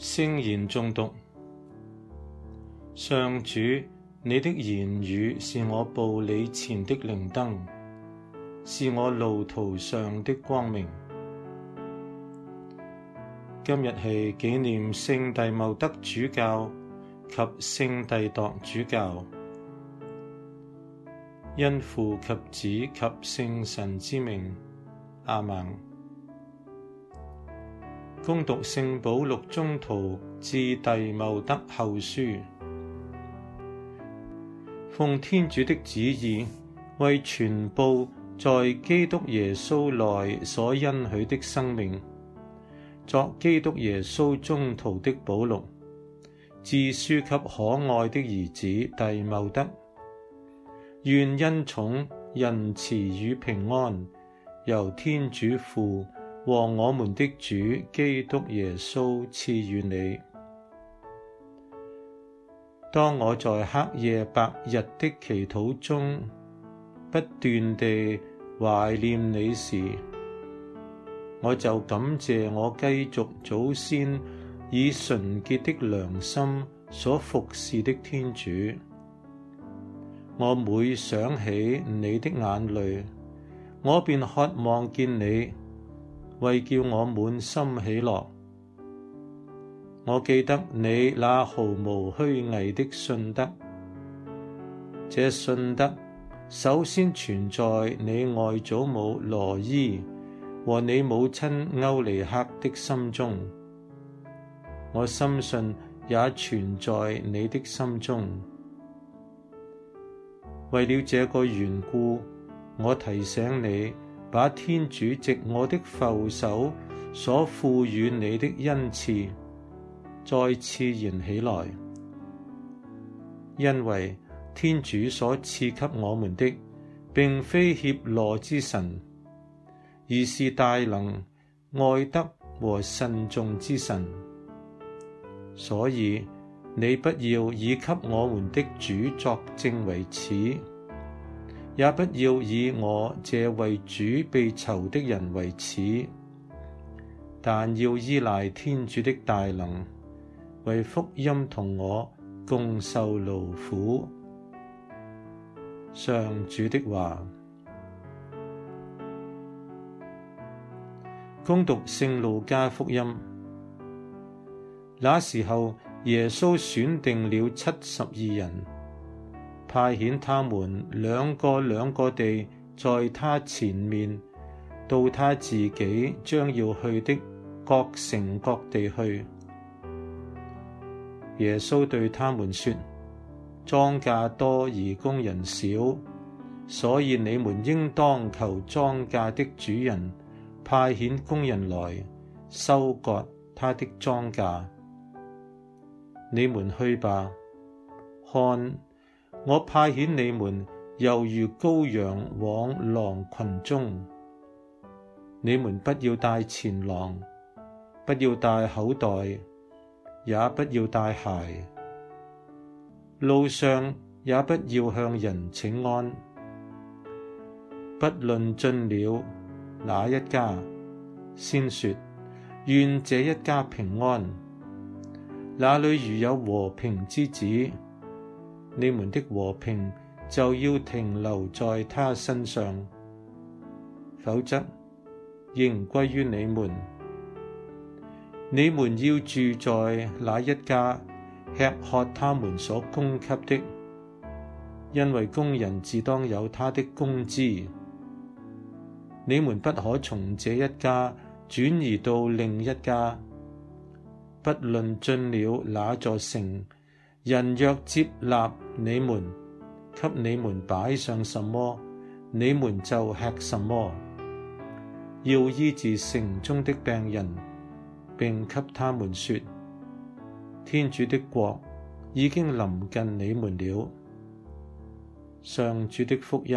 聖言誦讀。上主，你的言語是我步履前的靈燈，是我路途上的光明。今日係紀念聖弟茂德主教及聖弟鐸主教，因父及子及聖神之名，亞孟。恭讀聖保祿宗徒致弟茂德後書，奉天主的旨意，為傳布在基督耶穌內所恩許的生命，作基督耶穌宗徒的保祿，致書給可愛的兒子弟茂德，願恩寵、仁慈與平安由天主父。和我們的主基督耶穌賜與你。當我在黑夜白日的祈禱中，不斷地懷念你時，我就感謝我繼續祖先，以純潔的良心所服侍的天主。我每想起你的眼淚，我便渴望見你。為叫我滿心喜樂，我記得你那毫無虛偽的信德。這信德首先存在你外祖母羅依和你母親歐尼刻的心中，我深信也存在你的心中。為了這個緣故，我提醒你。把天主藉我的覆手所賦予你的恩賜，再熾燃起來，因為天主所賜給我們的，並非怯懦之神，而是大能、愛德和慎重之神。所以，你不要以給我們的主作證為恥。也不要以我這為主被囚的人為恥，但要依賴天主的大能，為福音同我共受勞苦。上主的話，恭讀聖路加福音。那時候，耶穌選定了七十二人。派遣他們兩個兩個地在他前面，到他自己將要去的各城各地去。耶穌對他們說：莊稼多而工人少，所以你們應當求莊稼的主人派遣工人來收割他的莊稼。你們去吧，看。我派遣你們，猶如羔羊往狼群中。你們不要帶錢囊，不要帶口袋，也不要帶鞋。路上也不要向人請安。不論進了哪一家，先說願這一家平安。那裏如有和平之子，你們的和平就要停留在他身上，否則仍歸於你們。你們要住在那一家，吃喝他們所供給的，因為工人自當有他的工資。你們不可從這一家轉移到另一家，不論進了那座城，人若接納你們，給你們擺上什麼，你們就吃什麼。要醫治城中的病人，並給他們說：天主的國已經臨近你們了。上主的福音。